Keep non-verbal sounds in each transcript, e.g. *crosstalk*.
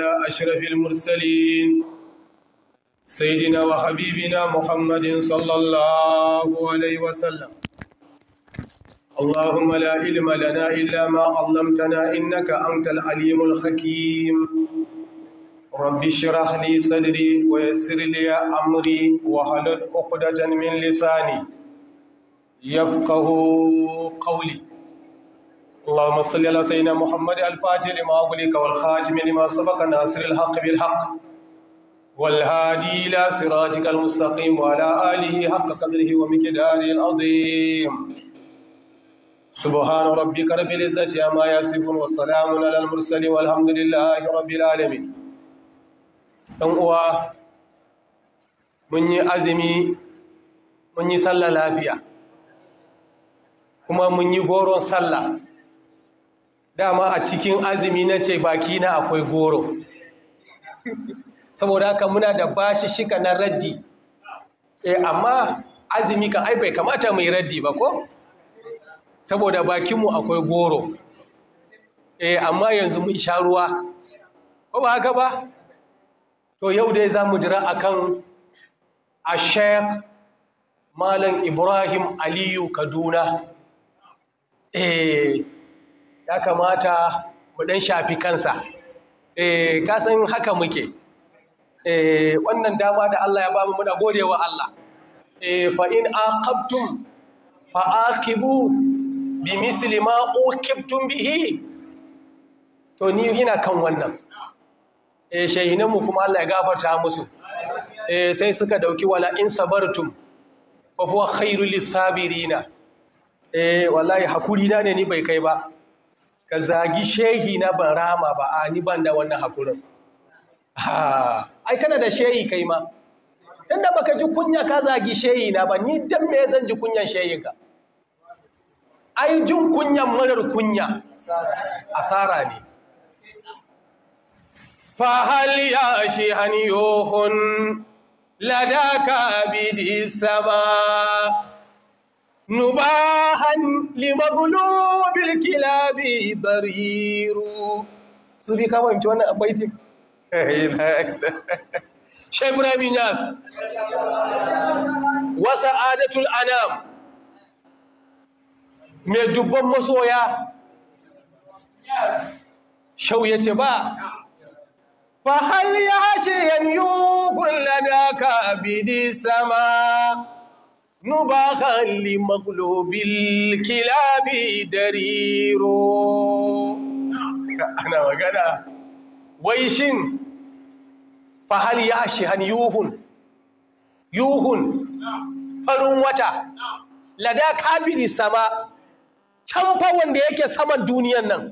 على أشرف المرسلين سيدنا وحبيبنا محمد صلى الله عليه وسلم اللهم لا علم لنا إلا ما علمتنا إنك أنت العليم الحكيم رب اشرح لي صدري ويسر لي أمري وحلل عقدة من لساني يفقه قولي اللهم صل على سيدنا محمد الفاتح لما أغلق والخاتم لما سبق ناصر الحق بالحق والهادي إلى صراطك المستقيم وعلى آله حق قدره ومقداره العظيم سبحان ربك رب العزة عما يصفون وسلام على المرسلين والحمد لله رب العالمين ɗan uwa mun yi azumi mun yi sallah lafiya kuma mun yi goron sallah dama a cikin azumi na ce baki na akwai goro saboda haka muna da bashi shika na raddi e amma azumi kan ai bai kamata mai raddi ba ko saboda bakinmu akwai goro e amma yanzu mun sha ruwa ko ba haka ba to yau dai za mu dira akan a shek malam ibrahim aliyu kaduna eh ya kamata mu ɗan shafi kansa eh ka san haka muke eh wannan dama da Allah ya bamu muna wa Allah eh fa in aqabtum fa aqibu bi misli ma uqibtum bihi to ni ina kan wannan eh mu kuma Allah ya gafarta musu eh sai suka dauki wala in sabartum fa huwa khairul lisabirina eh wallahi hakuri na ne ni bai kai ba ka zagi shehi na ban rama ba a ni ban da wannan hakurin ai kana da shehi kai ma tun da baka ji kunya ka zagi shehi na ba ni dan me zan ji kunyan shehi ka ai jin kunyan marar kunya asara ne fahal ya shi hanyohun ladaka bidi sama نباحا لمغلوب الكلاب ضرير su bi ka fahimci wannan abaitin shebra bin yas wasa adatul anam mai dubban masoya shau ya ce ba fa hal ya hashe yan yi kulla da ka bidi sama نباغا لمغلوب الكلاب dariro ana وقنا ويشن فهل يعشي هن يوهن yuhun farin wata lada kabiri sama can fa wanda yake saman duniyan nan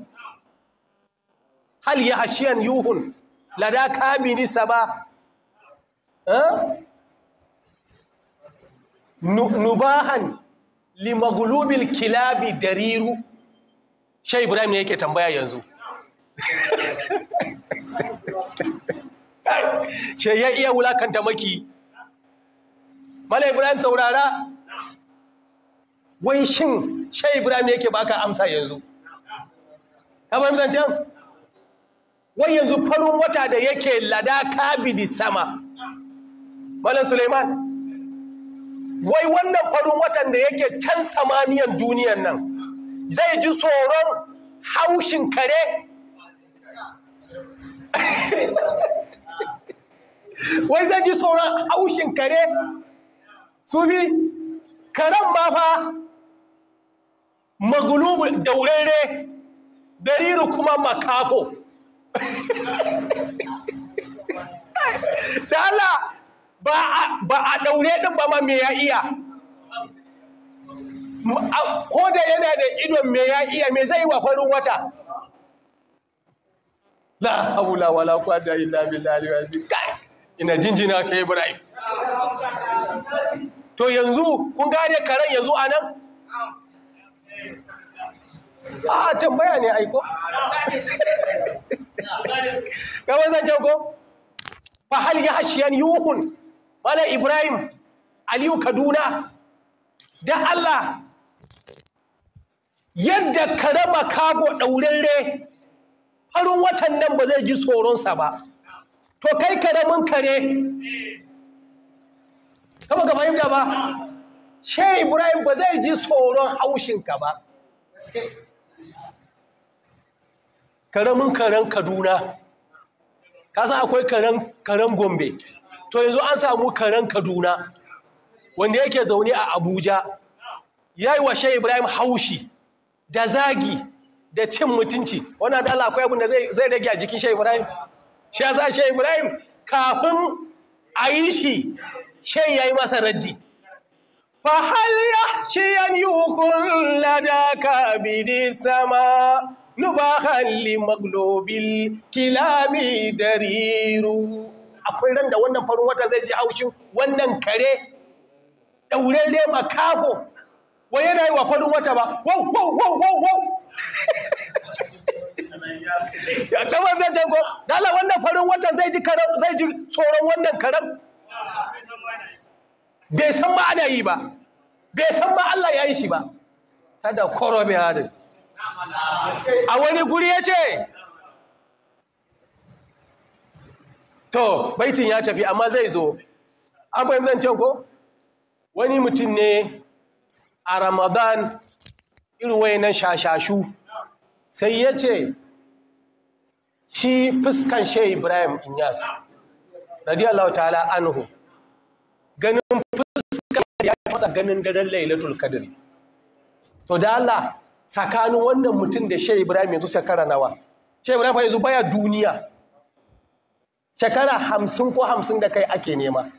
hal ya hashiyan yuhun lada kabiri sama nubahan limagulubil kilabi dariru shai ibrahim ne yake tambaya yanzu ce *laughs* ya iya wulakanta maki mala ibrahim saurara wai shin shai ibrahim ne yake baka amsa yanzu ka fahimta zancen wai yanzu farin wata da yake lada kabidi sama malam suleiman wai wannan farin watan da yake can samaniyan duniyan nan zai ji tsoron haushin kare *laughs* wai zai ji tsoron haushin kare su karen ma fa magulubin daurere dariru kuma makafo *laughs* da Allah ba a daure din ba ma me ya iya ko da yana da idon me ya iya me zai wa farin wata la haula wala quwwata illa billahi al-azim kai ina jinjina shi Ibrahim to yanzu kun gane karen yanzu anan a tambaya ne aiko gaba zan ko fa hal yahshiyan yuhun Malam Ibrahim Aliyu Kaduna da Allah yadda ka raba kago ɗaurarre farin watan nan ba zai ji tsoronsa ba to kai ramin kare kama ka fahimta ba shai ibrahim ba zai ji tsoron haushinka ba karamin karen kaduna ka san akwai karen gombe to yanzu an samu karen kaduna wanda yake zaune a abuja ya yi wa ibrahim haushi da zagi da cin mutunci wannan da Allah akwai abin da zai rage a jikin shai ibrahim shi ya sa shai ibrahim kafin a yi shi shai ya yi masa raddi shi يحشي yi hukun ladaka bidi sama nubahalli لمغلوب kilami Dariru. akwai ran da wannan farin wata zai ji haushin wannan kare ɗaurere makaho Wa yana yi wa farin wata ba wow wow wow wow wow ya kama zai ce ko dala wannan farin wata zai ji karam zai ji tsoron wannan karam bai san ma ana yi ba bai san ma Allah ya yi shi ba kada korobe hadin a wani guri ya ce to baitin ya tafi amma zai zo an zan cewa ko wani mutum ne a ramadan irin nan shashashu sai ya ce shi fuskan shehu ibrahim inyas radiyallahu ta'ala anhu ganin fuskan ya fasa ganin daren lailatul kadiri to da Allah tsakanin wannan mutum da shehu ibrahim yanzu shekara nawa shehu ibrahim yanzu baya duniya shekara hamsin ko hamsin da kai ake nema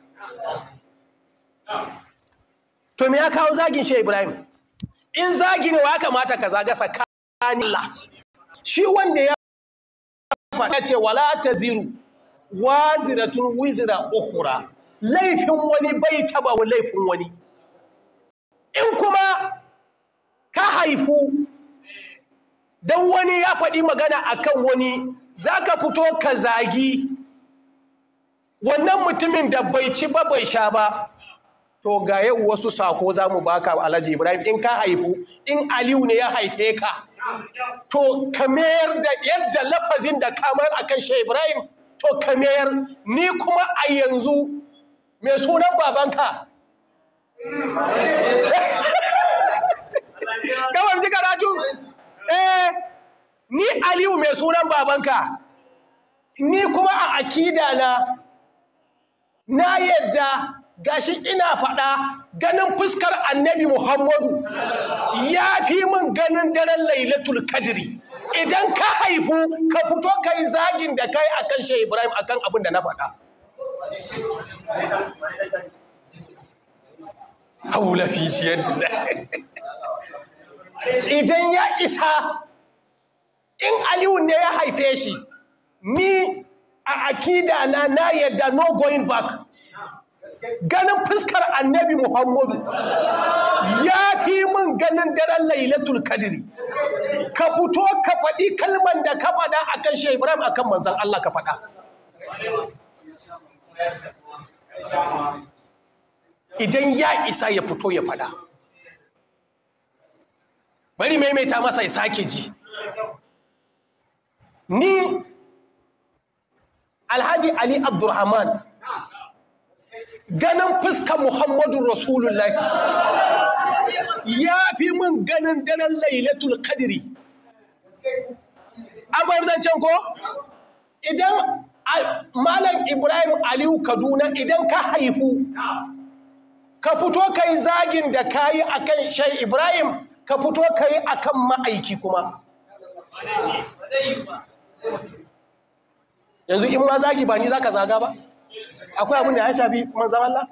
to me ya kawo zagin shi ibrahim in zagi ne wa ya kamata ka zaga tsakanin Allah. shi wanda ya faɗa ce wala ta wa waziratun wizira ukhra laifin wani bai taba laifin wani in kuma ka haifu don wani ya faɗi magana akan wani za ka fito ka zagi wannan mutumin da bai ci ba bai sha ba to ga yau wasu sako za mu baka alhaji ibrahim in ka haifu in aliyu ne ya haife ka to ka mayar da yadda lafazin da kamar akan shi ibrahim to ka mayar ni kuma a yanzu mai sunan babanka Gawan *laughs* ji karatu? Eh, ni Aliyu mai sunan babanka, ni kuma a akida na na yadda gashi ina faɗa ganin fuskar annabi Muhammadu ya fi mun ganin daren lailatul kadiri idan ka haifu ka fito ka yi zagin da kai akan shehu Ibrahim akan abin da na faɗa haula fi idan ya isa in aliyu ne ya haife shi ni a akida na na yadda no going back ganin fuskar annabi muhammadu ya fi mun ganin daren lailatul kadiri ka fito ka faɗi kalman da ka faɗa a kan shi ibrahim a kan manzan allah ka faɗa idan ya isa ya fito ya faɗa bari maimaita masa ya sake ji ni alhaji ali abdurrahman ganin fuskar muhammadu rasulullahi ya fi min ganin daran lailatul kadiri zan can ko idan malam ibrahim aliyu kaduna idan ka haifu ka fito ka yi zagin da ka yi a kan shai ibrahim ka fito ka yi a kan ma'aiki kuma yanzu in ma zagi ba ni zaka zaga ba akwai abin da ya shafi manzan Allah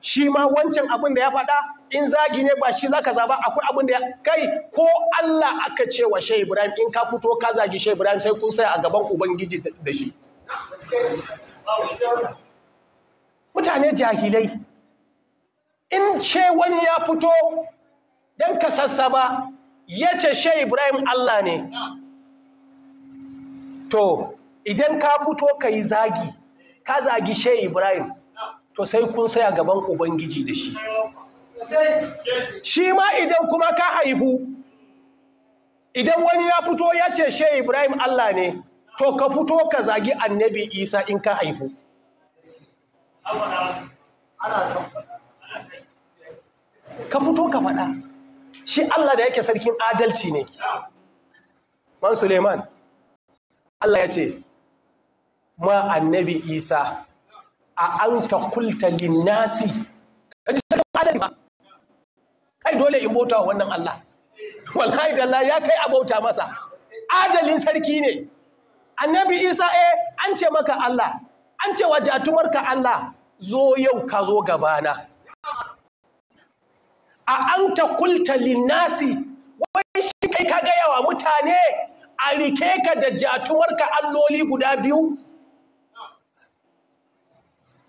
shi ma wancan abin da ya faɗa in zagi ne ba shi zaka zaba akwai abin da kai ko Allah aka ce wa Shehu Ibrahim in ka fito ka zagi Shehu Ibrahim sai kun sai a gaban ubangiji da shi mutane jahilai in she wani ya fito dan ka sassaba ya ce Shehu Ibrahim Allah ne to idan ka fito ka yi zagi ka zagi shai ibrahim to sai kun saya gaban ubangiji da shi shi ma idan kuma ka haihu idan wani ya fito ya ce shai ibrahim allah ne to ka fito ka zagi annabi isa in ka haihu ka fito ka faɗa shi allah da yake sarkin adalci ne man suleiman allah ya ce ma annabi isa a an ta kulta linnasi kaji sai adadi ba kai dole in bauta wa wannan Allah *laughs* wallahi dalla ya kai a bauta masa adalin sarki ne annabi isa eh an ce maka Allah an ce wa ka Allah zo yau ka zo gabana a an ta kulta linnasi wai shi kai ka gaya wa mutane a rike ka da jatumarka alloli guda biyu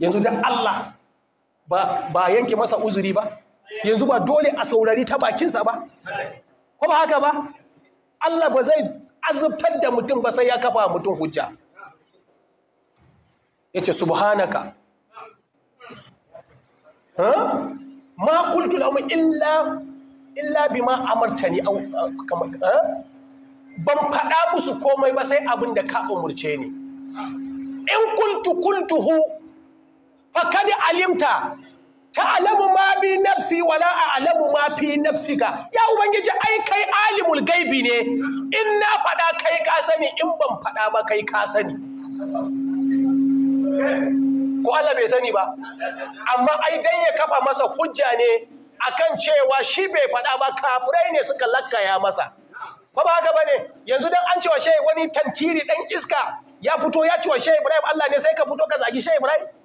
yanzu da Allah ba yanke masa uzuri ba yanzu ba dole a saurari ta bakinsa ba ko ba haka ba Allah ba zai azubtar da mutum ba sai ya kafa mutum hujja yace subhanaka ha ma qultu lahum illa illa bima amartani aw ban faɗa musu komai ba sai abin da ka umurce ni in kuntu kuntuhu fakad alimta ta'lamu ma bi nafsi wala a'lamu ma fi nafsika ya ubangiji ai kai alimul gaibi ne in na faɗa kai ka sani in ban faɗa ba kai ka sani ko Allah bai sani ba amma ai dan ya kafa masa hujja ne akan cewa shi bai faɗa ba kafirai ne suka lakkaya masa ko ba haka bane yanzu dan an cewa shehu wani tantiri dan iska ya fito ya cewa shehu Ibrahim Allah ne sai ka fito ka zagi shehu Ibrahim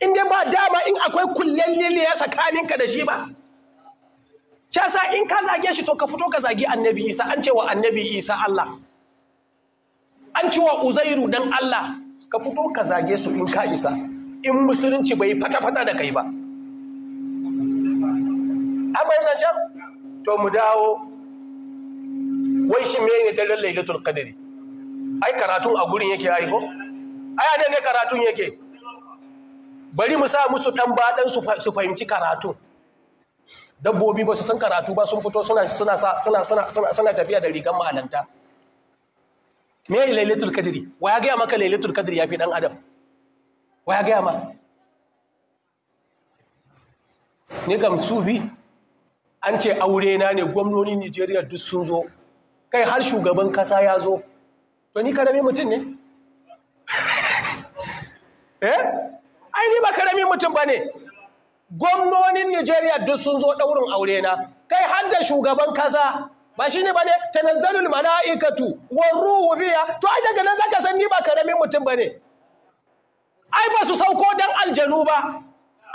in dai ba dama in akwai kullen tsakanin tsakaninka da shi ba ya sa in ka zage shi to ka fito ka zagi annabi isa an cewa annabi isa Allah an cewa uzairu dan Allah ka fito ka zage su in ka isa in musulunci bai fata-fata da kai ba abin zancen to mu dawo wai shi da daren lailatul qadri ai karatun a gurin yake aiko ai ne karatun yake bari mu sa musu ɗan baɗan su fahimci karatu dabbobi ba su san karatu ba sun fito suna tafiya da rigan malanta me yi lailatul kadiri wa ya gaya maka lailatul kadiri ya fi adam wa ya gaya ma ni kam sufi an ce aure na ne gwamnonin nigeria duk sun zo kai har shugaban kasa ya zo to ni karami mutum ne *laughs* eh ai ni ba karamin mutum ba ne gwamnonin Nijeriya duk sun zo ɗaurin aure na kai har da shugaban kasa ba shi ne ba ne tanazzalul mala'ikatu aikatu, ruhu biya to ai daga nan zaka san ni ba karamin mutum ba ne ai ba su sauko dan aljanu ba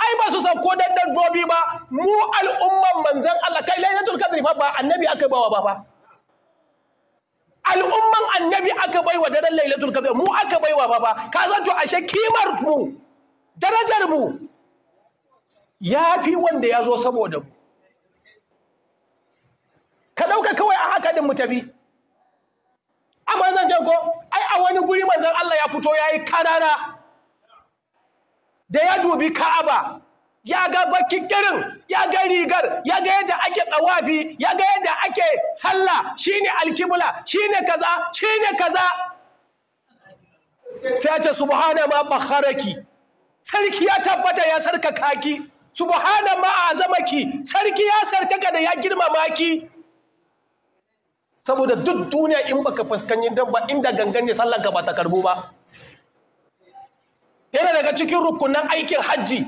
ai ba su sauko dan dabbobi ba mu al'umman manzon Allah kai lailatul qadri fa ba annabi aka bawa ba ba al'umman annabi aka baiwa daren lailatul qadri mu aka baiwa ba ba ka san to ashe kimar mu darajar mu ya fi wanda ya zo saboda mu ka ɗauka kawai a haka ɗin mu tafi amma zan ce ko ai a wani guri manzan Allah ya fito ya yi karara da ya dubi ka'aba ya ga bakin kirin ya ga rigar ya ga yadda ake tsawafi ya ga yadda ake sallah shine alkibla shine kaza shine kaza sai ya ce subhana ma bakharaki sarki ya tabbata ya sarkaka ki subhana ma azamaki sarki ya sarkaka da ya girmama ki saboda duk duniya in baka fuskanci dan ba inda gangan ne sallan ka ba ta karbo ba yana daga cikin rukunan aikin hajji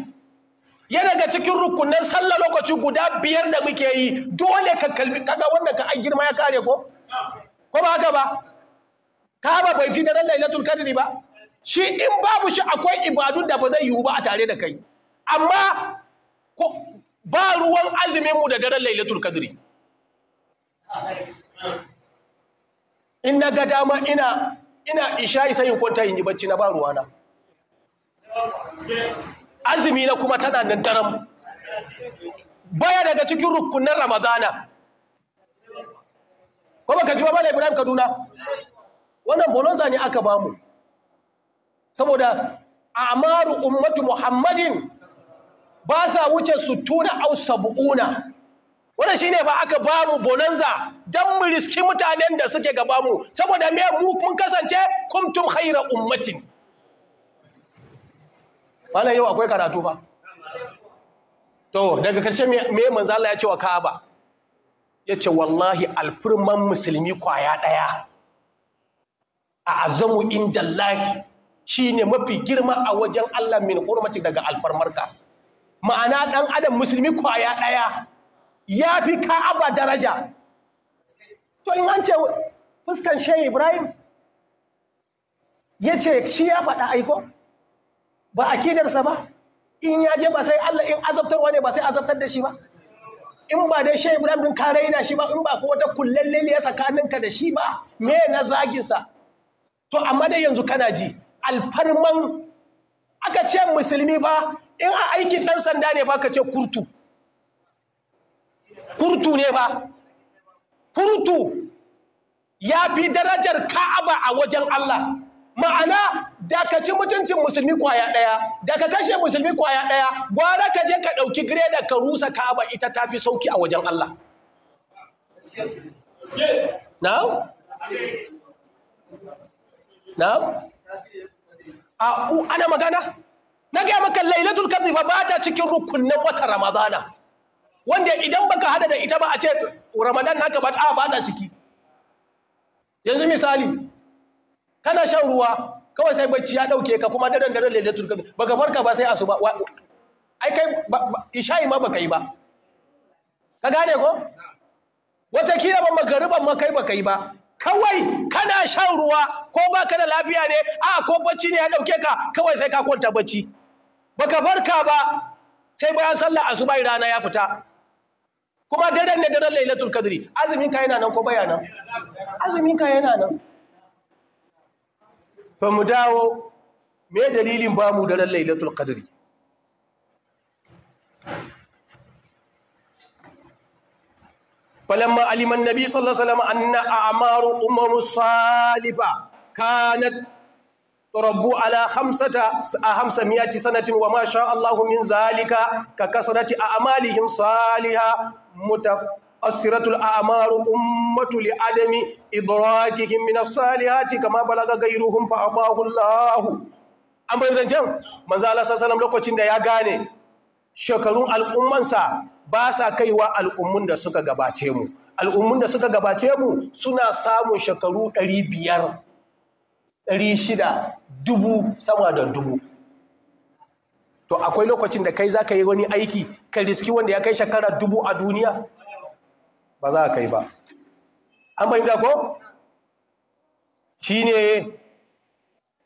yana daga cikin rukunan sallah lokaci guda biyar da muke yi dole ka kalbi kaga wannan ka an girma ya kare ko ko ba haka ba ka ba bai fi da daren lailatul kadri ba shi in babu shi akwai ibadun da ba zai yiwu ba a tare da kai amma ba ruwan azumin mu da daren lailatul kadri in na ga dama ina ina isha isa yin kwanta in yi bacci na ba ruwana azumi na kuma tana nan daren baya daga cikin rukunan ramadana ko baka ji ba ibrahim kaduna wannan bolonza ne aka bamu saboda amaru ummatu muhammadin ba sa wuce sutuna au sab'una wannan shine ba aka ba mu bonanza dan mu riski mutanen da suke gaba mu saboda me mun kasance kumtum haira ummatin wannan yau akwai karatu ba to daga karshe me Manzala Allah ya ce wa Ka'aba ce wallahi alfurman musulmi kwaya daya a azamu indallahi Shi ne mafi girma a wajen Allah min hurmaci daga alfarmarka ma'ana dan adam musulmi kwaya daya ya fi ka'aba daraja to in an ce fuskan shehu ibrahim ya ce shi ya faɗa aiko ba a kidarsa ba in ya je ba sai allah in azabtarwa ne ba sai azabtar da shi ba in ba dai shehu ibrahim din ka raina shi ba in ba ko wata kullalle ne ya tsakaninka da shi ba me na zaginsa to amma dai yanzu kana ji alfarman aka ce musulmi ba in a aikin ɗan sanda ne ba ka ce kurtu kurtu ne ba kurtu ya fi darajar ka'aba a wajen Allah ma'ana da ka ci mutuncin musulmi kwaya ɗaya da ka kashe musulmi kwaya ɗaya gwara ka je ka ɗauki da ka rusa ka'aba ita ta fi sauki a wajen Allah now now a u ana magana na ga maka lailatul kadri ba ba ta cikin rukunin wata ramadana wanda idan baka hada da ita ba a ce ramadan naka ba ta ba ta ciki yanzu misali kana shan ruwa kawai sai bacci ya dauke ka kuma daren daren lailatul kadri baka farka ba sai asuba ai kai isha'i ma baka yi ba ka gane ko wata kila ba magariban ma kai baka yi ba kawai kana shan ruwa ko ba ka da lafiya ne a ko bacci ne ya dauke ka kawai sai ka kwanta bacci baka farka ba sai bayan sallah asuba rana ya fita kuma daren ne daren lailatul kadri azumin ka yana nan ko baya nan azumin ka yana nan to mu dawo me dalilin ba mu daren lailatul kadri falamma aliman nabi sallallahu alaihi wasallam anna a'maru umaru salifa kanat rabbu ala khamsata hamsamiyati sanatin wa ma sha Allah min zalika ka kasrati a'malihim salihah السرة الأعمار أمة لعدم إدراكهم من الصالحات كما بلغ غيرهم فأعطاه الله an bai zancen manzo Allah sallallahu lokacin da ya gane shekarun al'ummansa ba sa kaiwa al'ummun da suka gabace mu al'ummun da suka gabace mu suna samun shekaru ɗari biyar, ɗari shida, dubu sama da dubu to akwai lokacin da kai za ka yi wani aiki ka riski wanda ya kai shekara dubu a duniya ba za ka yi ba an da ko shi ne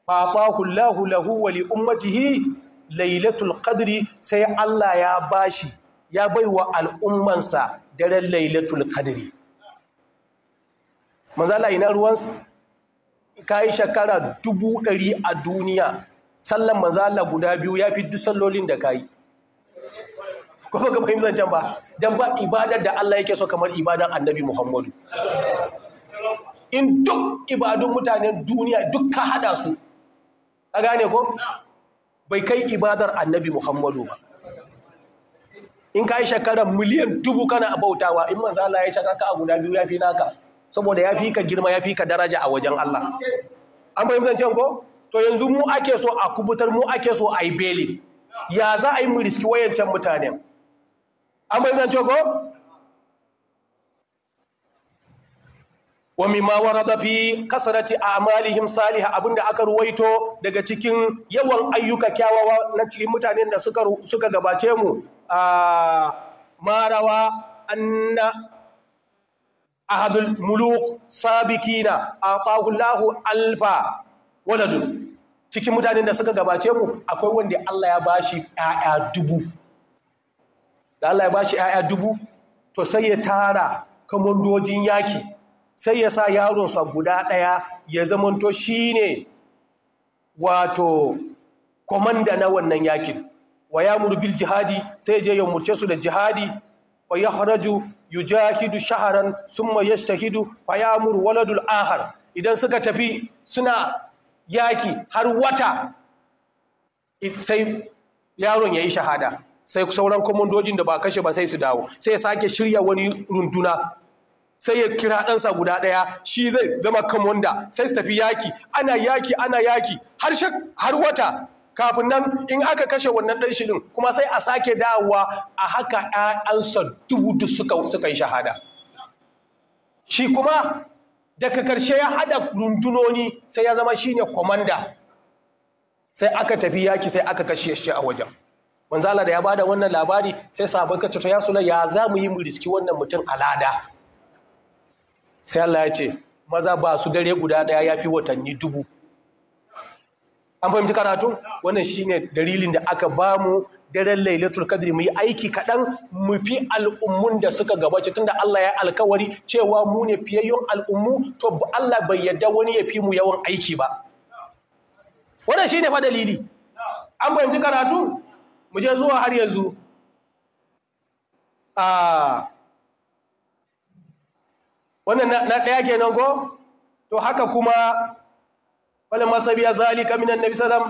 faɓakullahu lahu wali li ummatihi lailatul qadri sai Allah ya bashi ya baiwa al'ummansa daren lailatul Kadiri. manzala ina ruwan yi shekara dubu ɗari a duniya sallan manzala guda biyu ya fi duk da kayi ko ba fahimtar can ba don ba ibadar da Allah yake so kamar ibadar annabi Muhammadu in duk ibadun mutanen duniya duk ka hada su a gane ko bai kai ibadar annabi Muhammadu ba in ka yi shekarar miliyan dubu kana abautawa in manza Allah ya shakar ka guda biyu ya fi naka saboda ya fi ka girma ya fi ka daraja a wajen Allah an fahimta can ko to yanzu mu ake so a kubutar mu ake so a yi beli ya za a yi mu riski wayancan mutane an fahimta can ko wa mimma warada fi a'malihim Saliha, abinda aka ruwaito daga cikin yawan ayyuka kyawawa na cikin mutanen da suka gabace mu ما Marawa, Anna, أحد الملوك Sabikina, أعطاه Alfa, waladun cikin mutanen da suka gabace mu akwai wanda Allah ya bashi ƴaƴa dubu da Allah ya bashi ƴaƴa dubu to sai ya tara kamandojin yaki sai ya sa yaronsa guda ɗaya ya zamanto shine wato komanda na wannan yakin wa ya bil jihadi sai je ya murce su da jihadi wa ya haraju yu yujahidu shaharan summa Hidu? fa yamuru waladul ahar idan suka tafi suna yaki har wata sai yaron ya yi shahada sai sauran komandojin da ba kashe ba sai su dawo sai ya sake shirya wani runduna sai ya kira ɗansa guda ɗaya shi zai zama kamanda sai su tafi yaki ana yaki ana yaki har wata kafin nan in aka kashe wannan ɗan shirin kuma sai a sake dawowa a haka ‘ya'yansa dubu duk suka yi shahada shi kuma daga karshe ya haɗa rundunoni sai ya zama shine kwamanda sai aka tafi yaki sai aka kashe shi a wajen manzala da ya bada wannan labari sai sabon kacce ta yasula ya za mu yi mu riski wannan mutum a lada. sai Allah ya ce maza ba su dare guda ɗaya ya fi watanni dubu an fahimci karatu wannan shine dalilin da aka ba mu daren lailatul kadri mu yi aiki kaɗan mu fi al'ummun da suka gabace tunda Allah ya alkawari cewa mu ne fiyayyun al'ummu to Allah bai yadda wani ya fi mu yawan aiki ba wannan shine fa dalili an fahimci karatu mu je zuwa har yanzu a wannan na ɗaya kenan ko to haka kuma falamma sabiya zalika minan nabi sallam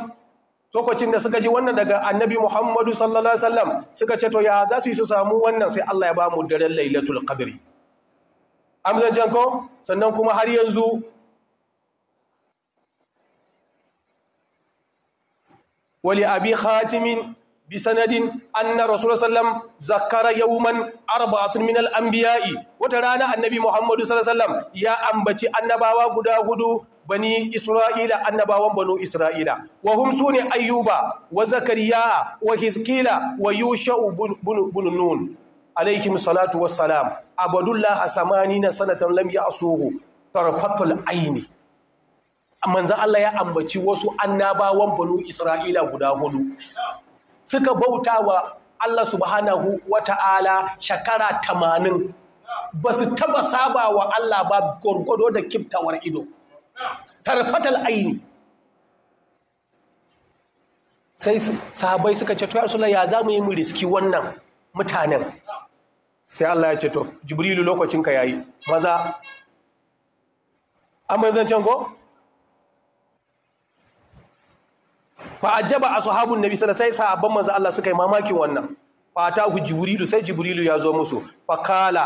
lokacin da suka ji wannan daga annabi Muhammadu sallallahu alaihi wasallam suka ce to ya za su yi su samu wannan sai Allah ya ba mu daren Lailatul Qadri amzan janko sannan kuma har yanzu wali abi khatimin bisanadin anna rasulullah zakara yawman arba'atun min al-anbiya'i wata rana annabi muhammadu sallallahu ya ambaci annabawa guda hudu bani isra'ila annabawan banu isra'ila wa hum sune ayyuba wa zakariya wa hizkila wa yusha'u bin nun alaihim salatu wassalam abadullah na sanatan lam ya'suhu tarfatul aini manzo Allah ya ambaci wasu annabawan banu isra'ila guda gudu. suka bauta wa Allah subhanahu wa ta'ala shekara tamanin ba su taba saba wa Allah ba gwargwado da kiftawar ido tarfatar aini sai sahabai suka ce to ya za mu yi mu riski wannan mutanen sai Allah ya ce to jibrilu lokacinka yi. maza amma yanzu can go fa ajaba ashabun nabi sallallahu alaihi wasallam sai sahabban manzo Allah suka yi mamakin wannan fa ta jibrilu sai jibrilu ya zo musu Fakala! kala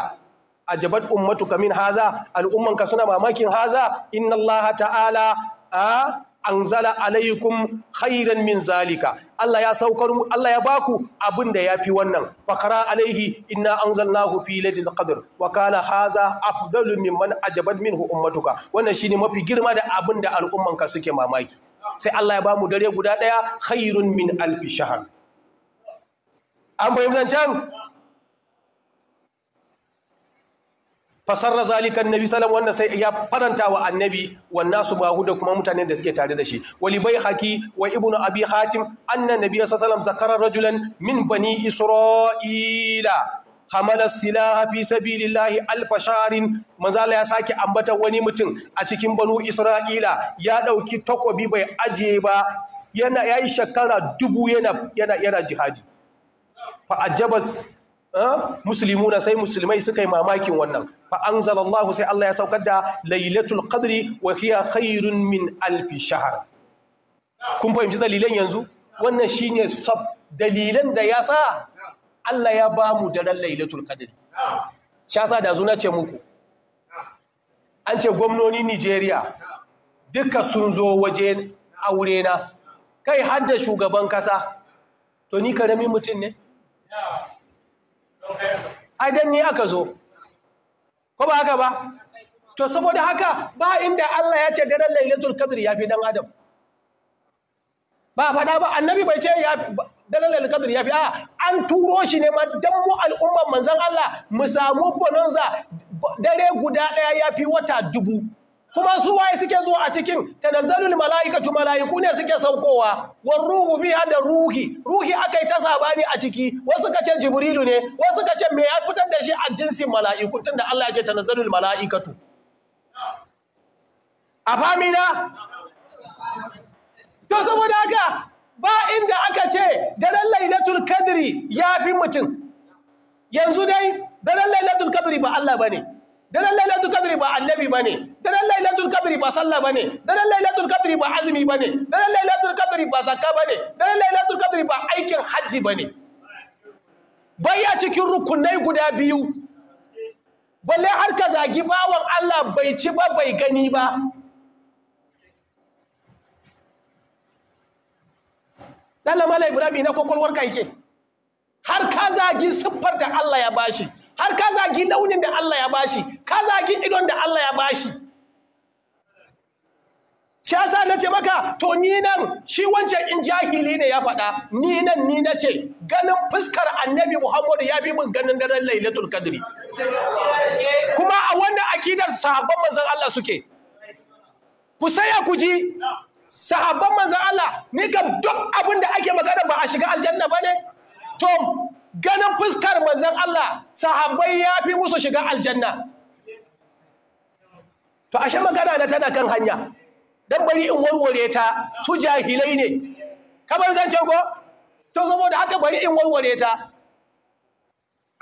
ajabat ummatuka min haza al'ummanka suna mamakin haza inna Allah ta'ala a anzala alaykum, khairan min zalika Allah ya saukar Allah ya baku abin da yafi wannan fakara alaihi inna anzalnahu fi lailatul qadr wa kana haza! afdalu mimman ajabat minhu ummatuka wannan shine mafi girma da abin da al'ummanka suke mamaki sai Allah ya ba mu dare guda ɗaya khairun min alfi shahar an fahim can fasarra zalikan nabi salam wanda sai ya faranta wa annabi wannan su bahu da kuma mutanen da suke tare da shi wali bai haki wa ibnu abi hatim annan nabi Salam zakarar rajulan min bani isra'ila hamala silaha fi sabilillahi alfa sharin Allah ya sake ambata wani mutum a cikin banu isra'ila ya dauki takobi bai ajiye ba yana yayi shekara dubu yana yana yana jihadi fa ajabas eh, muslimuna sai musulmai suka yi mamakin wannan fa anzalallahu sai Allah ya saukar da lailatul qadri wa hiya khairun min alfi shahr kun fahimci dalilan yanzu wannan shine sab dalilan da ya sa Allah ya ba mu daren lailatul qadri shasa da zuna ce muku an ce gwamnoni Nigeria duka sun zo waje aure na kai har da shugaban kasa to ni karamin mutum ne ai dan ni aka zo ko ba haka ba to saboda haka ba inda Allah ya ce daren lailatul qadri yafi dan adam ba faɗa ba annabi bai ce ya dalalar qadr ya fi a an turo shi ne ma dan mu al'umman manzon Allah mu samu bononza. dare guda daya ya fi wata dubu kuma su waye suke zuwa a cikin tanazzalul malaikatu malaiku ne suke saukowa war ruhu bi da ruhi ruhi akai ta sabani a ciki wasu kace jibrilu ne wasu kace me ya fitar da shi a jinsin malaiku tunda Allah ya ce tanazzalul malaikatu a famina to saboda haka ba inda aka ce daren lailatul kadiri ya fi mutum yanzu dai daren lailatul kadiri ba Allah ba ne daren lailatul kadiri ba annabi ba ne daren lailatul kadiri ba sallah ba ne daren lailatul kadiri ba azumi ba ne daren lailatul kadiri ba zakka ba ne daren lailatul kadiri ba aikin hajji ba ne baya cikin rukunai guda biyu balle har ka zagi bawan Allah bai ci ba bai gani ba dala mala ibrahim ina kwakwalwar ka yake har ka zagi siffar da Allah ya bashi har ka zagi launin da Allah ya bashi ka zagi idon da Allah ya bashi shi yasa na ce maka to ni nan shi wancan in jahili ne ya faɗa ni nan ni na ce ganin fuskar annabi muhammadu ya bi min ganin daren lailatul kadri kuma a wannan akidar sahabban manzon Allah suke ku saya ku ji sahabban manzan Allah ni kam duk abin da ake magana ba a shiga aljanna ba ne to ganin fuskar manzan Allah sahabbai ya fi musu shiga aljanna to ashe magana na tana kan hanya dan bari in warware ta su jahilai ne kamar zan ce ko to saboda haka bari in warware ta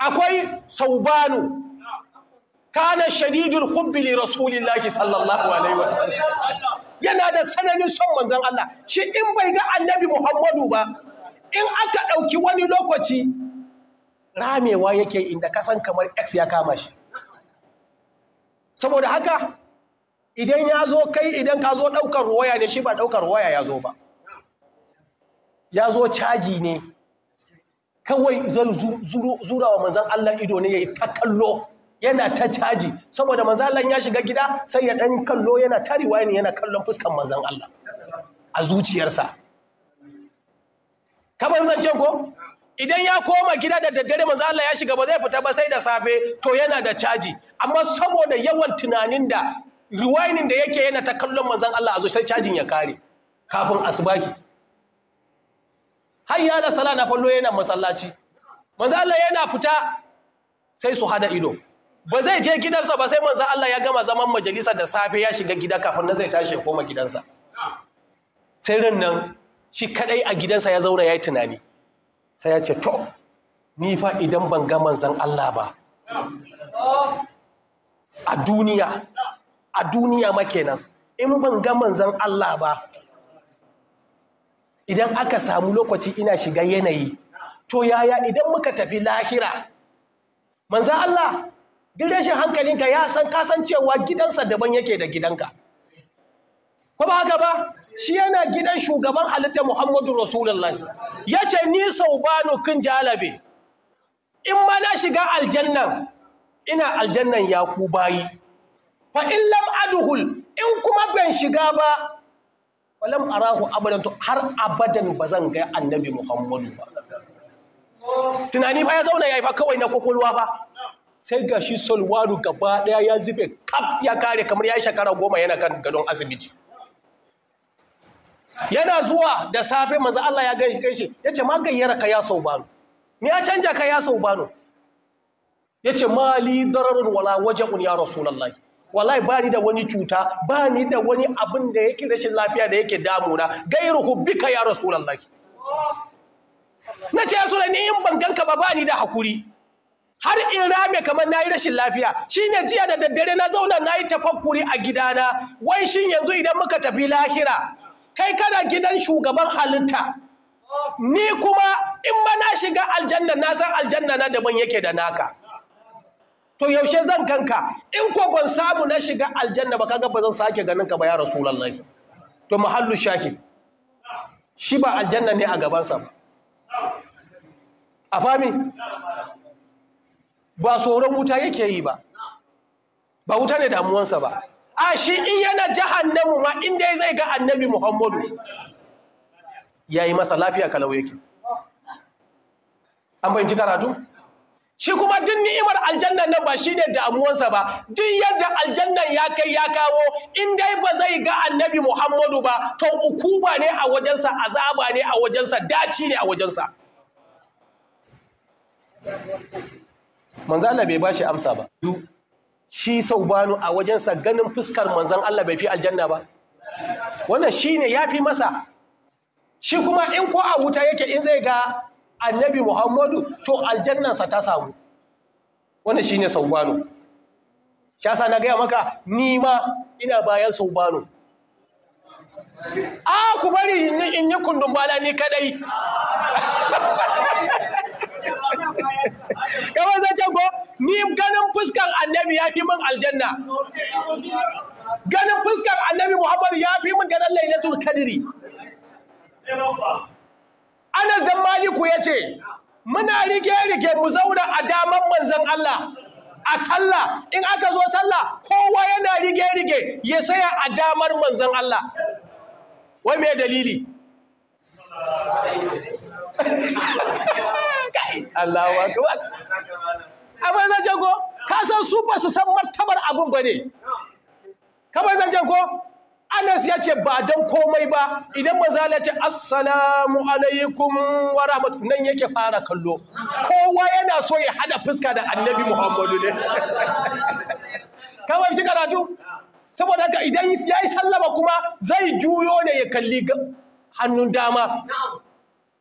akwai saubanu kana shadidul hubbi li rasulillahi sallallahu alaihi wa sallam yana da sananin son manzon Allah shi in bai ga annabi Muhammadu ba in aka ɗauki wani lokaci ramewa yake inda ka san kamar X ya kama shi saboda haka idan ya zo kai idan ka zo ɗaukar waya ne shi ba ɗaukar waya ya zo ba ya zo caji ne kawai zai zura wa manzan Allah ido ne ya yi takallo. yana ta caji saboda manzo Allah ya shiga gida sai ya dan kallo yana ta ne yana kallon fuskan manzon Allah a zuciyarsa kamar zancen ko idan ya koma gida da daddare manzo Allah ya shiga ba zai fita ba sai da safe to yana da caji amma saboda yawan tunanin da riwayin da yake yana ta kallon manzan Allah a zuciyar cajin ya kare kafin asbahi har ya la sala na fallo yana masallaci manzo Allah yana fita sai su hada ido ba zai je gidansa ba sai manzan Allah ya gama zaman majalisa da safe ya shiga gida kafin na zai tashi ya koma gidansa sai ran nan shi kadai a gidansa ya zauna ya yi tunani sai ya ce to ni fa idan ban ga manzan Allah ba a duniya a duniya ma kenan in ban ga manzan Allah ba idan aka samu lokaci ina shiga yanayi to yaya idan muka tafi lahira manzan Allah duk rashin hankalinka ya san kasancewa gidansa daban yake da gidanka ko ba haka ba shi yana gidan shugaban halitta muhammadu rasulullah ya ce ni sau banu kun jalabe in ma na shiga aljannan ina aljannan ya ku bayi fa in lam aduhul in kuma ban shiga ba walam arahu abadan har abadan ba zan ga annabi muhammadu ba tunani ba ya zauna ya yi ba kawai na kokolwa ba sai ga shi solwaru gaba ɗaya ya zube kaf ya kare kamar ya yi shekara goma yana kan gadon asibiti yana zuwa da safe maza Allah ya gaishe gaishe yace ma gayyara ka ya sau bano Ni ya canja ka ya saubano yace mali dararun wala un ya rasu lallai. wallahi bani da wani cuta bani da wani abin da yake rashin lafiya da yake damuna ku bika ya rasu na nace ya sura ni in ban ganka ba ni da hakuri har in rame kamar na yi rashin lafiya shine jiya da daddare na zauna na yi tafakkuri a gidana wai shin yanzu idan muka tafi lahira kai kana gidan shugaban halitta ni kuma in ma na shiga aljanna na san aljanna na daban yake da naka to yaushe zan kanka in kogon samu na shiga aljanna ba kaga ba zan sake ganin ka ba ya rasulullahi to mahallu shahid shi ba aljanna ne a gabansa ba a fami ba sauran wuta yake yi ba ba wuta ne damuwansa ba a shi in yana jahannamu ma inda zai ga annabi muhammadu ya yi masa lafiya kalau yake an fahimci karatu shi kuma duk ni'imar aljannan nan ba shi ne damuwansa ba duk yadda aljannan ya kai ya kawo in dai ba zai ga annabi muhammadu ba to ukuba ne a wajensa azaba ne a wajensa daci ne a wajensa manzo Allah bai bashi amsa ba shi sau saubanu a sa ganin fuskar manzan Allah bai fi aljanna ba wannan shine ya fi masa shi kuma in ko a wuta yake in zai ga annabi muhammadu to aljannansa ta samu wannan shine saubanu shasa na gaya maka ni ma ina bayan sau saubanu a ah, ku bari in yi kundin bala ni kadai *laughs* kamar ko ni ganin fuskar annabi ya fi min aljanna ganin fuskar annabi muhammadu ya fi min ganin lailatul kadiri anas dan maliku ya ce muna rige-rige mu zauna a daman manzan Allah a sallah in aka zo sallah kowa yana rige-rige ya saya a damar manzan Allah wai me dalili Allahu akbar abin zancen ko ka san su ba su san martabar abin ba ne kamar zancen ko anas ya ce ba don komai ba idan mazala ce assalamu alaikum wa rahmatu nan yake fara kallo kowa yana so ya hada fuska da annabi muhammadu ne kawai ci karatu saboda haka idan ya yi sallama kuma zai juyo ne ya kalli hannun dama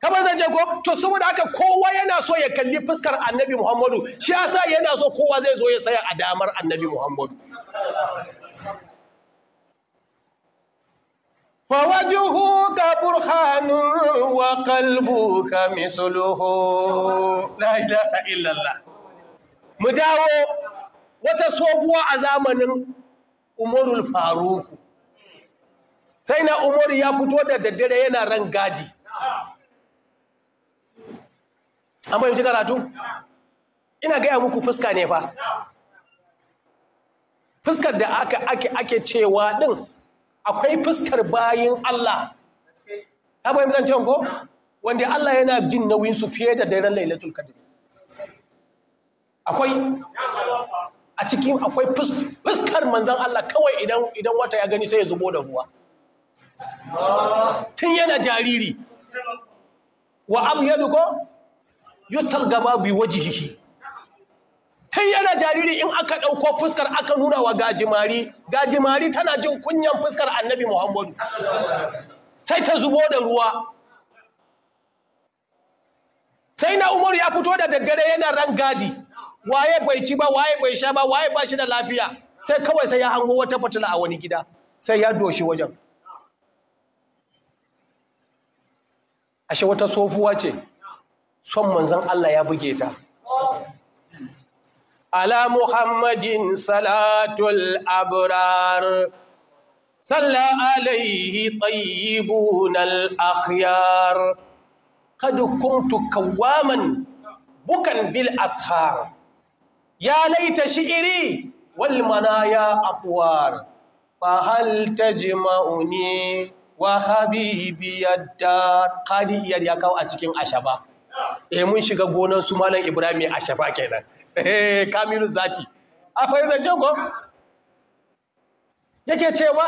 kamar zan je ko to saboda haka kowa yana so ya kalli fuskar annabi muhammadu shi yasa yana so kowa zai zo ya saya a damar annabi muhammadu فوجهه كبرهان وقلبه كمثله لا إله إلا الله مداو وتصوبوا عزامنا أمور الفاروق sai na umaru ya fito da daddare yana ran gadi an fahimci karatu ina gaya muku fuska ne fa fuskar da aka ake ake cewa din akwai fuskar bayin Allah ta bayan zan cewa ko wanda Allah yana jin nauyin su fiye da daren lailatul qadr akwai a cikin akwai fuskar manzon Allah kawai idan wata ya gani sai ya zubo da ruwa tun yana jariri wa abu ko gaba bi wajihihi tun yana jariri in aka ɗauko fuskar aka nuna wa gajimari gajimari tana jin kunyan fuskar annabi muhammadu sai ta zubo da ruwa sai na umaru ya fito da daddare yana ran gadi waye bai ci ba waye bai sha ba waye ba shi da lafiya sai kawai sai ya hango wata fatula a wani gida sai ya doshi wajen ashe wata tsofuwa ce son manzan Allah ya buge ta ala muhammadin salatul abrar salla alaihi tayyibun al-akhyar kad kuntu kawaman bukan bil ashar ya laita shi'iri wal manaya aqwar fa hal tajma'uni wa Habibi yadda da kadiyar ya kawo a cikin ashaba eh mun shiga gonan su malam ibrahim ashaba kenan eh kamilu zati akwai zance ko yake cewa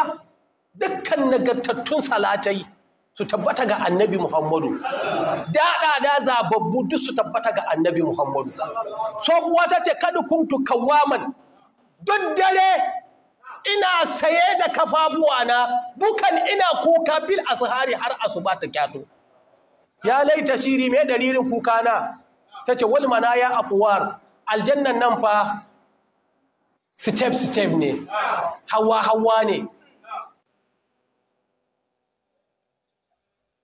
dukkan nagartattun salatai su tabbata ga annabi Muhammadu. Daɗa da zababbu duk su tabbata ga annabi Muhammadu. So kuwa ta ce kada kuntu kawaman duk dare ina saye da kafafuwana, na bukan ina kuka bil azhari har asuba ta kyato ya laita shiri me dalilin kuka na tace wal ya aqwar aljannan nan fa step step ne hawa hawa ne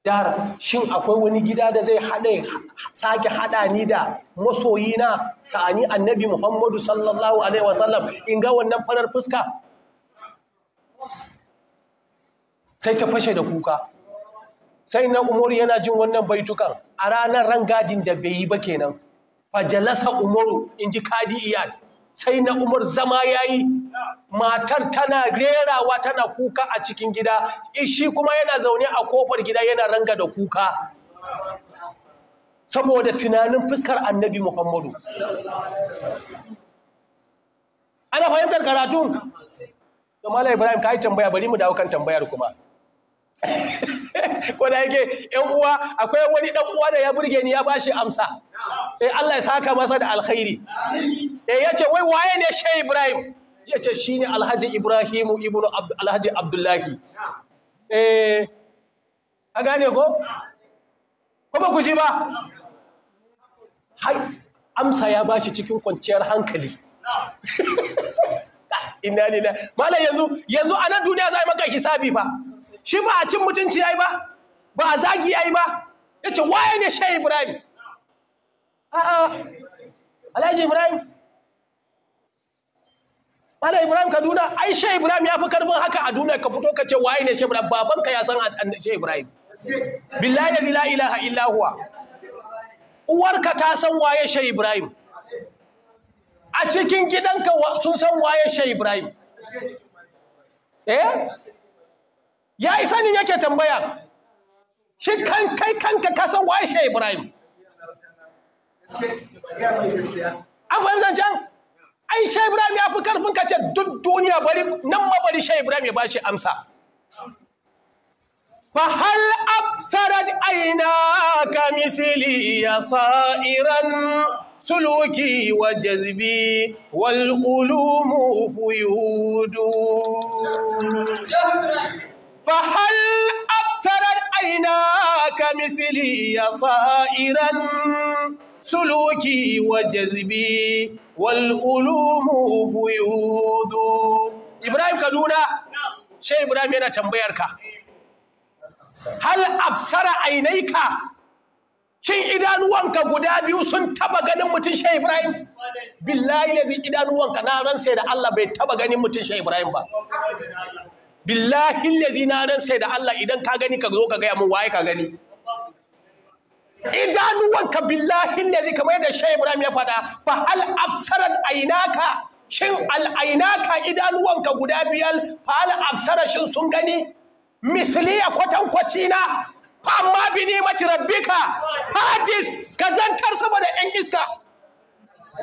dar shin akwai wani gida da zai hada sake haɗa ni da masoyina ta ani annabi muhammadu sallallahu alaihi wasallam in ga wannan farar fuska sai ta fashe da kuka sai na umaru yana jin wannan baitukan a ranar rangajin da bai yi ba kenan fajalasa umaru in ji kadi iyal sai na umar zama ya yi matar tana rerawa tana kuka a cikin gida eh, shi kuma yana zaune a kofar gida yana ranga da kuka saboda tunanin fuskar annabi muhammadu ana fahimtar karatun kamala ibrahim ka yi tambaya bari mu dawo kan tambayar kuma *laughs* ko da yake ƴan uwa akwai wani ɗan uwa da ya burge ni ya bashi amsa eh Allah ya saka masa da alkhairi eh yace wai waye ne Sheikh Ibrahim yace shine Alhaji Ibrahim ibn Alhaji Abdullahi eh a gane ko ko ba ku ji ba hai amsa ya bashi cikin kwanciyar hankali *laughs* inna lillahi malam yanzu yanzu a nan duniya za a yi maka hisabi ba shi ba a cin mutunci yayi ba ba a zagi yayi ba yace waye ne shay ibrahim a'a alhaji ibrahim Malam Ibrahim Kaduna ai shay Ibrahim ya fi karbin haka a duniya ka fito ka ce waye ne shay Ibrahim babanka ya san shay Ibrahim billahi la ilaha illa huwa uwarka ta san waye shay Ibrahim a cikin gidanka sun san waye Shehu Ibrahim eh ya isa ne yake tambaya shi kan kai kanka ka san waye Shehu Ibrahim an fahimta can ai Shehu Ibrahim ya fi karfin ka ce duk duniya bari nan ma bari Shehu Ibrahim ya bashi amsa فهل أبصرت عيناك مثلي صائرا suluki wa jazbi wal ulumu fuyudu fa hal absarat aynaka misli ya sa'iran suluki wa jazbi wal ulumu fuyudu ibrahim kaduna shey ibrahim yana tambayar ka hal absara aynaka shin idanuwanka guda biyu sun taba ganin mutum Shai Ibrahim billahi lazi idanuwanka na ran sai da Allah bai taba ganin mutum Shai Ibrahim ba billahi lazi na ran sai da Allah idan ka gani ka zo ka gaya mun waye ka gani idanuwanka billahi lazi kamar yadda Shai Ibrahim ya faɗa fa hal absarat ainaka shin al'ainaka idanuwanka guda biyar fa hal absara shin sun gani misliya kwatankwaci na amma bi ni mati rabbika fadis ka saboda yan iska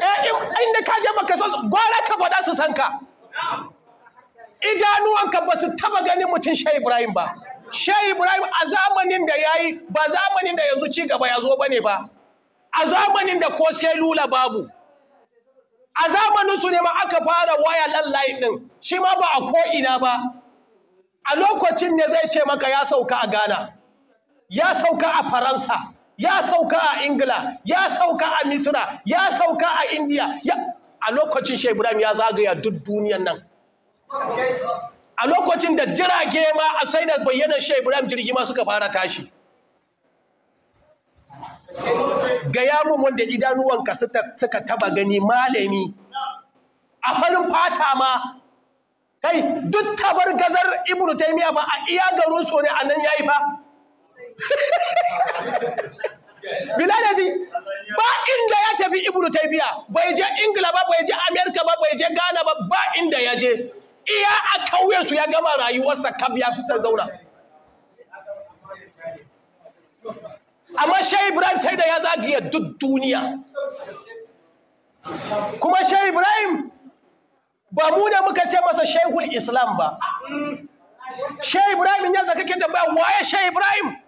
eh, inda ka je maka san gwara ka ba za su san ka idanuwanka ba su taba ganin mutum shai ibrahim ba shai ibrahim a zamanin da ya yi ba zamanin da yanzu cigaba ya zo ba ne ba a zamanin da ko sai lula babu a zamanin su ne ma aka fara waya lallai din shi ma ba a ko'ina ba a lokacin ne zai ce maka ya sauka a gana. ya sauka a Faransa ya sauka a Ingila ya sauka a Misira ya sauka a Indiya a lokacin Shehu Ibrahim ya zagaya duk duniyan nan a lokacin da jirage ma a sai da bayyana Shehu Ibrahim jirgi ma suka fara tashi gaya mun wanda idanuwanka suka taba gani malami a farin fata ma kai duk tabar gazar ibnu taymiya ba a iya garin so ne a nan yayi ba *laughs* Bila da zi, ba inda ya tafi Ibn taymiya bai je ingila ba bai je Amerika ba bai je ghana ba ba inda ya je iya a kauyen ya gama rayuwarsa kaf ya fita zauna amma shai ibrahim sai da ya zagaye duk duniya kuma shai ibrahim ba mu da muka ce masa Shehu islam ba shai ibrahim ya zaka ke ba waye shai ibrahim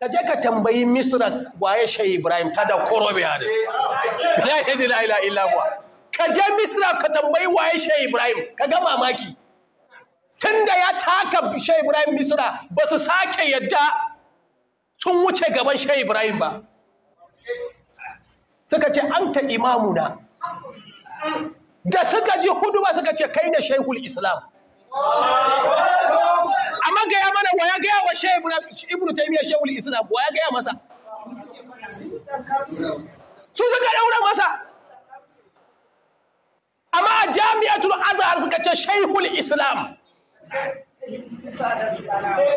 ka je ka tambayi misra waye shai ibrahim ta da koro biya ne la ilaha illa huwa ka je misra ka tambayi waye shai ibrahim ka ga mamaki tunda ya taka shai ibrahim misra ba su sake yadda sun wuce gaban shai ibrahim ba suka ce anta imamuna da suka ji hudu ba suka ce kai ne shaihul islam amma gaya mana wa ya gaya wa shehu ibnu taymiya shehul islam wa ya gaya masa su suka daura masa amma a jami'atul azhar suka ce shehul islam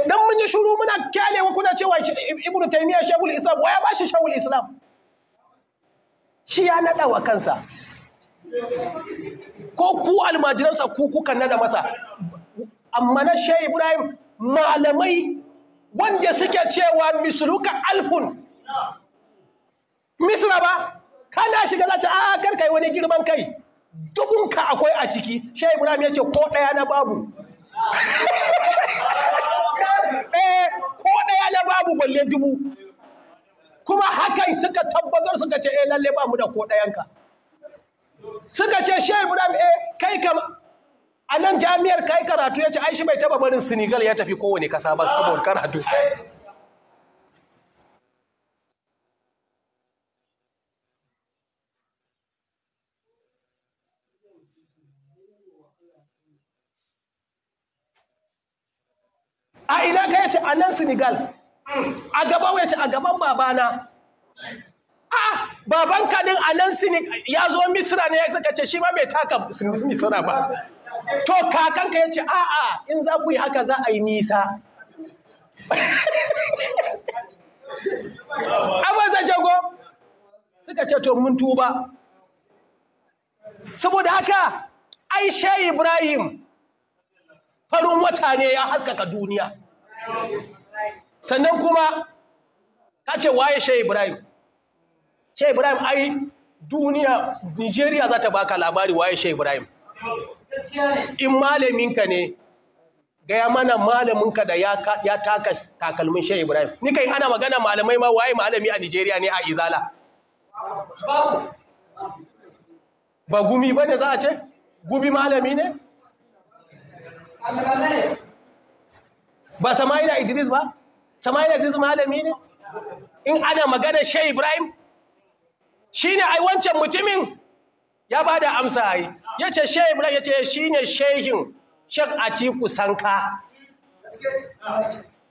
dan mun yi shuru muna wa kuna cewa ibnu taymiya shehul islam wa ya bashi shehul islam shi ya nada wa kansa ko ku almajiransa ku kuka nada masa amma na shehu ibrahim malamai wanda suke cewa misluka alfun misra ba kana shiga za ta a kar kai wani girman kai dubunka akwai a ciki shehu ibrahim ya ce ko ɗaya na babu *laughs* eh, ko ɗaya na babu balle dubu kuma hakan suka tabbatar suka ce eh lalle ba mu da ko ɗayanka suka ce shehu ibrahim eh kai kama. a nan jami'ar kai karatu ya ce aishi bai taba barin Senegal ya tafi kowane kasa ba saboda karatu a ina ka yace a nan Senegal a gaban yace a gaban babana a babanka din a nan Senegal ya zo Misra ne ya saka ce shi ma bai taka Misra ba to kakanka ya ce a'a in za ku yi haka za a yi nisa abin zai jago suka ce to mun tuba saboda haka ai ibrahim farin wata ne ya haskaka duniya sannan kuma ka ce waye Aisha ibrahim Aisha ibrahim ai duniya nigeria za ta baka labari waye shai ibrahim in malaminka ne gaya mana malaminka da ya taka takalmin shehu ibrahim ni kai ana magana malamai ma waye malami a nigeria ne a izala ba gumi ba ne za a ce gumi malami ne ba sama'ila idris ba sama'ila idris malami ne in ana magana shehu ibrahim shine ai wancan mutumin ya bada amsa ai ya ce shehi ibrahim ya ce shi ne shehin shek a atiku sanka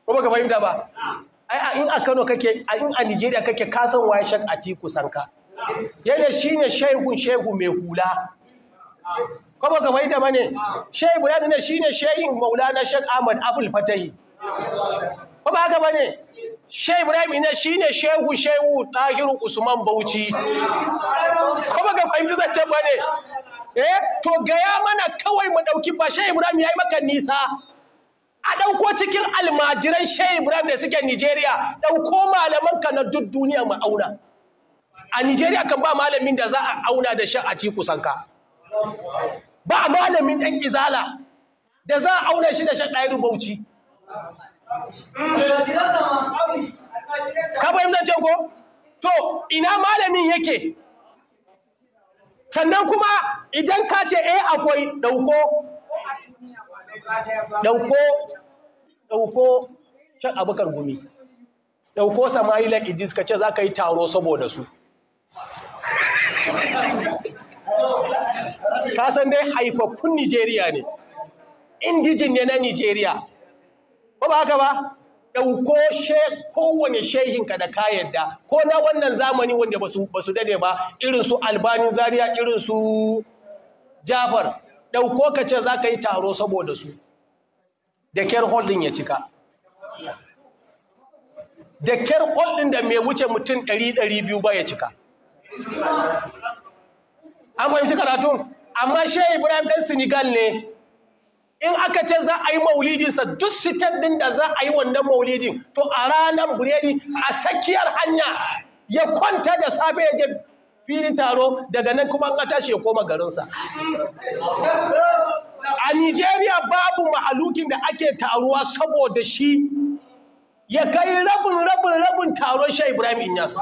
kuma ka fahimta ba ai in a kano kake in a nigeria kake kasan waye shek a ti sanka yana shi ne shehun shehu mai hula kuma ka fahimta ba ne shehi ibrahim ne shi ne shehin na shek ahmad abul fatahi ba haka ba ne shehu ibrahim ne shi ne shehu shehu tahiru usman bauchi kuma ka fahimta zancen ba ne eh to gaya mana kawai mu dauki ba Shehu Ibrahim yayi maka nisa a dauko cikin almajiran Shehu Ibrahim da suke Nigeria dauko malaman ka na duk duniya mu auna a Nigeria kan ba malamin da za a auna da shi a ci kusan ka ba malamin dan izala da za a auna shi da shan ɗaya rubauci ka fahimtar ko to ina malamin yake sannan kuma idan ka ce eh akwai ɗauko dauko dauko shan abukar gumi ɗauko samayilan idis ka ce za ka yi taro saboda su ka san dai haifaffun nigeria ne indijin ne na nigeria ba ba haka ba ɗauko kowane shehinka da ka yadda ko na wannan zamani wanda ba su dade ba irin su albanin Zariya, irin su jafar ɗauko ka ce za ka yi taro saboda su da kyar holdin ya cika da kyar holdin da mai wuce mutum ɗari ɗari biyu ba ya cika an fahimci karatun amma shehi ibrahim ɗan senegal ne in aka ce za a yi maulidinsa duk sitar din da za a yi wannan maulidin to a ranar buredi a tsakiyar hanya ya kwanta da safe ya je filin taro daga nan kuma ka tashi ya koma garinsa a nigeria babu mahalukin da ake taruwa saboda shi ya kai rabin rabin rabin taron sha ibrahim inyas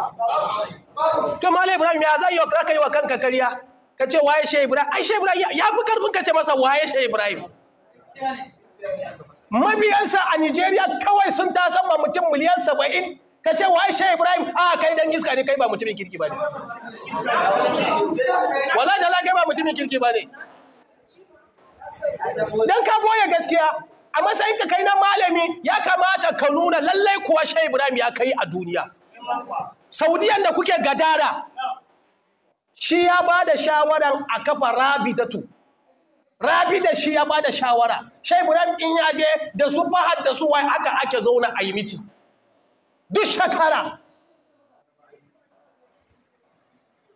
to mala ibrahim ya zai yi wa kanka kariya? ka ce waye sha ibrahim ai sha ibrahim ya fi karfin ka ce masa waye sha ibrahim mabiyansa a Nigeria kawai sun ta zama mutum miliyan saba'in ka ce wa shi Ibrahim a kai dan iska ne kai ba mutumin kirki ba ne wala da lagai kai ba mutumin kirki ba ne Don ka boye gaskiya a matsayin ka kai na malami ya kamata ka nuna lallai kuwa shi Ibrahim ya kai a duniya Saudiyan da kuke gadara shi ya ba da shawarar a kafa rabitatu rabi da shi ya ba da shawara shai ibrahim in ya je da su fahad da su wai aka ake zauna a yi miti duk shekara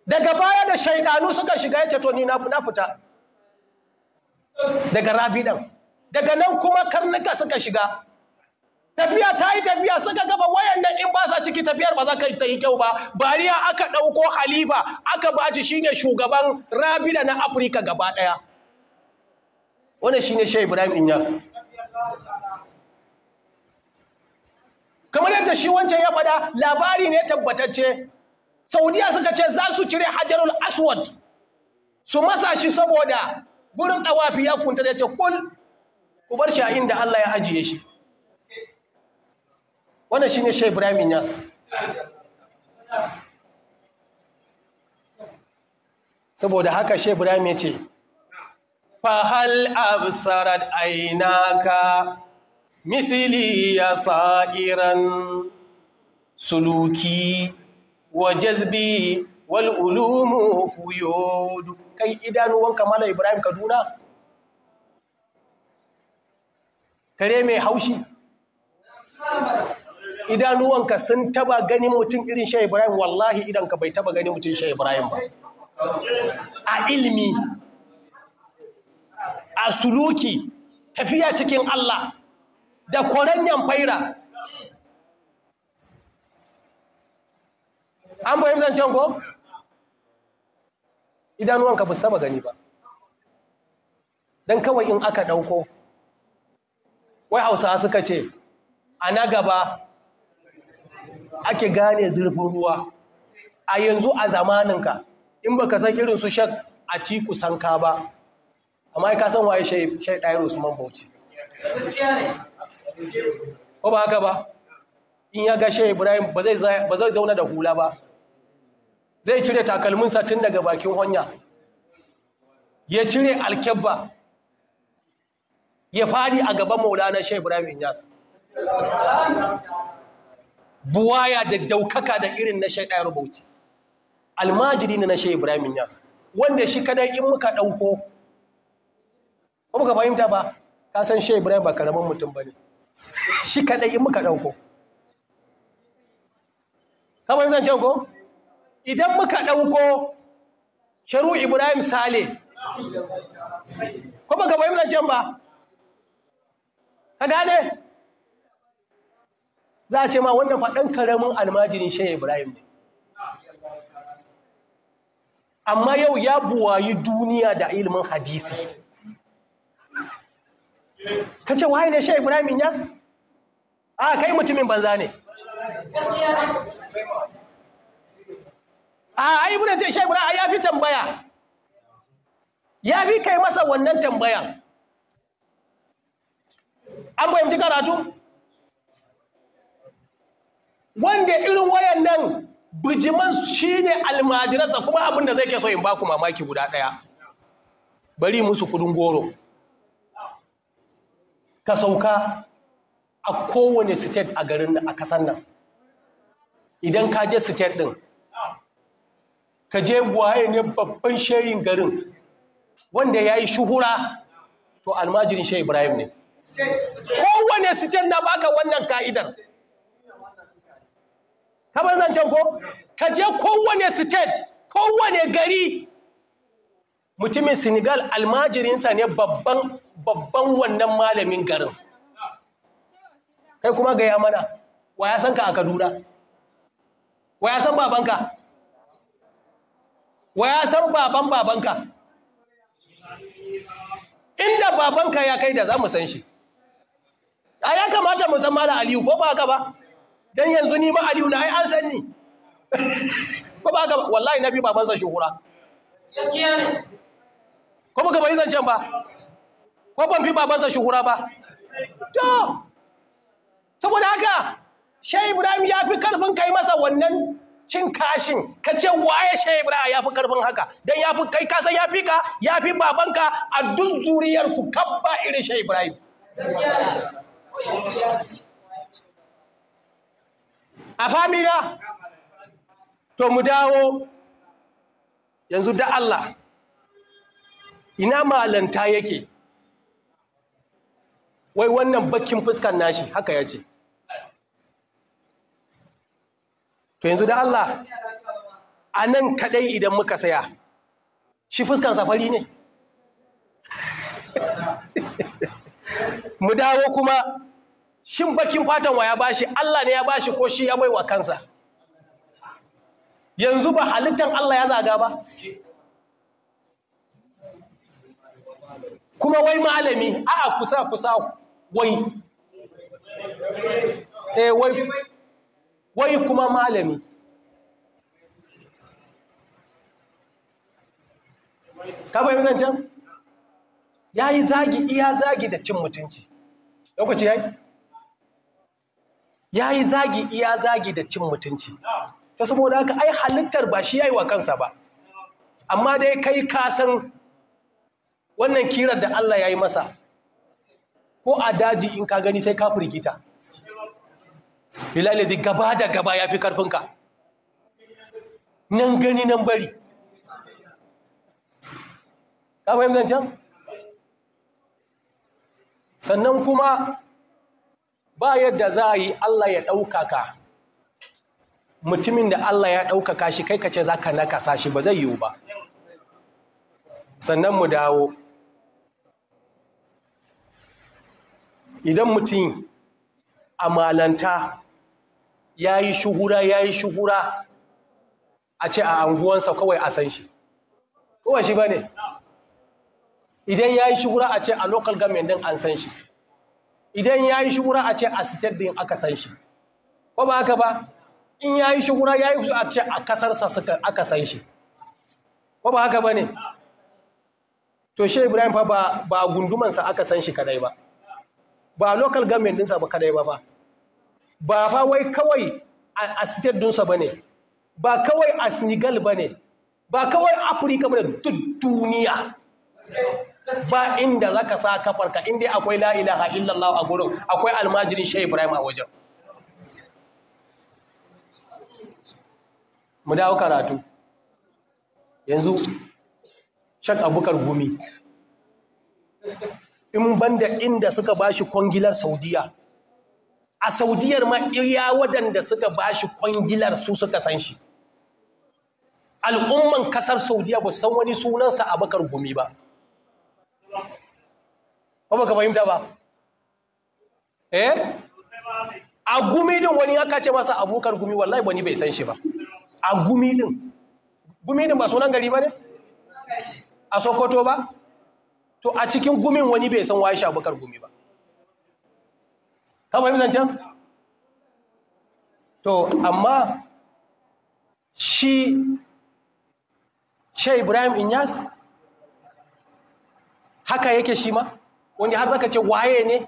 daga baya da shaidanu suka shiga ya to ni na fita daga rabi ɗan daga nan kuma karnuka suka shiga tafiya ta yi tafiya suka gaba wayan nan in ba sa ciki tafiyar ba za ka ta yi kyau ba bariya aka ɗauko halifa aka baji shine shugaban rabida na afirka gaba ɗaya wannan ne shai Ibrahim Inyas kamar yadda shi wancan ya faɗa labari ne tabbatacce Saudiya suka ce za su cire Hajarul Aswad su masa shi saboda gurin ɗawafi ya kunta da ce kul ku bar shi a inda Allah ya ajiye shi wannan ne shai Ibrahim Inyas saboda haka shai Ibrahim ya ce fahal absarat ainaka misili ya sa'iran suluki wa jazbi wal ulumu fuyudu kai idanuwan kamala ibrahim kaduna kare mai haushi idanuwanka sun taba ganin mutum irin sha ibrahim wallahi idanka bai taba ganin mutum sha ibrahim ba a ilmi a suluki tafiya cikin Allah da kwaranyan faira an bayan zancen ko? idanuwanka ba saba gani ba don kawai in aka ɗauko wai hausa suka ce a na gaba ake gane zurfin ruwa a yanzu a zamaninka in baka san irin su shak a ti kusanka ba amma ka san waye shai ɗayar usman bauchi ko ba haka ba in ya ga shai ibrahim ba zai zauna da hula ba zai cire takalminsa tun daga bakin hanya ya cire alkyabba ya fadi a gaban maulana shai ibrahim inyas buwaya da daukaka da irin na shai ɗayar bauchi almajiri na shai ibrahim inyas wanda shi kadai in muka ɗauko ko muka fahimta ba ka san shehu ibrahim ba karamin mutum ba ne shi kaɗai in muka ɗauko kamar can ko idan muka ɗauko sharu ibrahim sale ko muka fahimta can ba ka gane za a ce ma wannan faɗan karamin almajirin shehu ibrahim ne amma yau ya buwayi duniya da ilimin hadisi ka ce waye ne shi ibrahim yas a kai mutumin banza ne a ai bude ce shi ibrahim ya fi tambaya ya fi kai masa wannan tambayan an fahimci karatu wanda irin wayan nan bijiman shi ne almajiransa kuma abin da zai ke so in baku mamaki guda ɗaya bari musu kudin goro ka sauka a kowane state a garin a kasan nan idan ka je state din ka je waye ne babban shayin garin wanda ya yi shuhura to almajirin shehu ibrahim ne kowane state na baka wannan ka'idar kamar zancen ko ka je kowane state kowane gari mutumin senegal almajirinsa ne babban babban wannan malamin garin kai kuma gaya mana wa ya san ka a kaduna wa ya san babanka wa ya san baban babanka inda babanka ya kai da za mu san shi a ya kamata mu san mala aliyu ko ba ka ba don yanzu ni ma aliyu na ai an san ni *laughs* ko ba ka ba wallahi na bi babansa hura ko ba ka yi zancen ba ko ban fi babansa shuhura ba to saboda haka shai ibrahim ya fi karfin kai masa wannan cin kashin ka ce waye shai ibrahim ya fi karfin haka dan ya fi kai kasan ya fi ka ya fi babanka a duk zuriyar ku kabba irin shai ibrahim a famina to mu dawo yanzu da Allah ina malanta yake wai wannan bakin fuskan nashi haka ya ce to yanzu da Allah a nan kaɗai idan muka saya shi fuskan safari ne mu dawo kuma shin bakin fatan wa ya bashi Allah ne ya bashi ko shi ya baiwa kansa yanzu ba halittar Allah ya zaga ba kuma wai malami a kusa kusa wai eh wai wai kuma malami ka bayan zancen ya yi zagi iya zagi da cin mutunci lokaci ya yi ya yi zagi iya zagi da cin mutunci ta saboda haka ai halittar ba shi ya yi wa kansa ba amma dai kai kasan wannan kirar da Allah ya yi masa ko a daji in ka gani sai ka firgita bilalazi gaba da gaba ya fi karfinka nan gani nan bari ka fahimta zancen sannan kuma ba yadda za a yi Allah ya ɗaukaka mutumin da Allah ya ɗaukaka shi kai ka ce za ka nakasa shi ba zai yiwu ba sannan mu dawo idan mutum a malanta ya yi shuhura ya yi shuhura a ce a anguwansa kawai a san shi kowa shi ba ne idan ya yi shuhura a ce a local government din an san shi idan ya yi shuhura a ce a state din aka san shi ko ba haka ba in ya yi shuhura ya yi a ce a kasarsa aka san shi ko ba haka ba ne to shi ibrahim fa ba gundumansa aka san shi kadai ba ba local government ɗinsa ba kadai ba ba ba fa wai kawai a state ɗinsa ba ne ba kawai a senegal ba ne ba kawai afirka ba da duk duniya ba inda za ka sa kafarka inda akwai la'ilaha illallah a gudun akwai almajirin sha ibrahim a wajen mu dawo karatu yanzu shak abukar gumi in banda inda suka bashi kwangilar saudiya a saudiyar ma iya waɗanda suka bashi kwangilar su suka san shi al'umman kasar saudiya ba san wani sunansa a bakar gumi ba ba ba ka fahimta ba eh a gumi din wani aka ce masa abokar gumi wallahi wani bai san shi ba a gumi din gumi din ba sunan gari ba ne a sokoto ba to a cikin gumin wani bai san waye shabukar gumi ba kawai zancen to amma shi shai ibrahim inyas haka yake shi ma wanda har zaka ce waye ne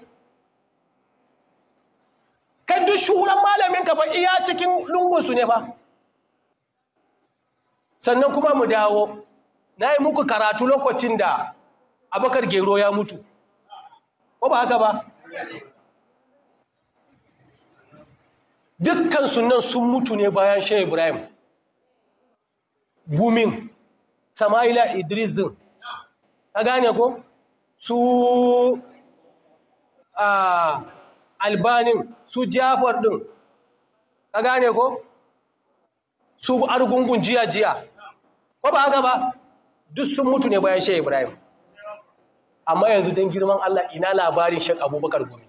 kai duk shuran malamin ka ba iya cikin lungunsu ne ba sannan kuma mu dawo na yi muku karatu lokacin da abakar gero ya mutu ko ba haka ba dukkan sunan sun mutu ne bayan shehu ibrahim gumin sama'ila idrisin ka gane ko su a albanin su jafar din ka gane ko su argungun jiya-jiya ko ba haka ba duk sun mutu ne bayan shehu ibrahim amma yanzu don girman Allah ina labarin shek abubakar gumi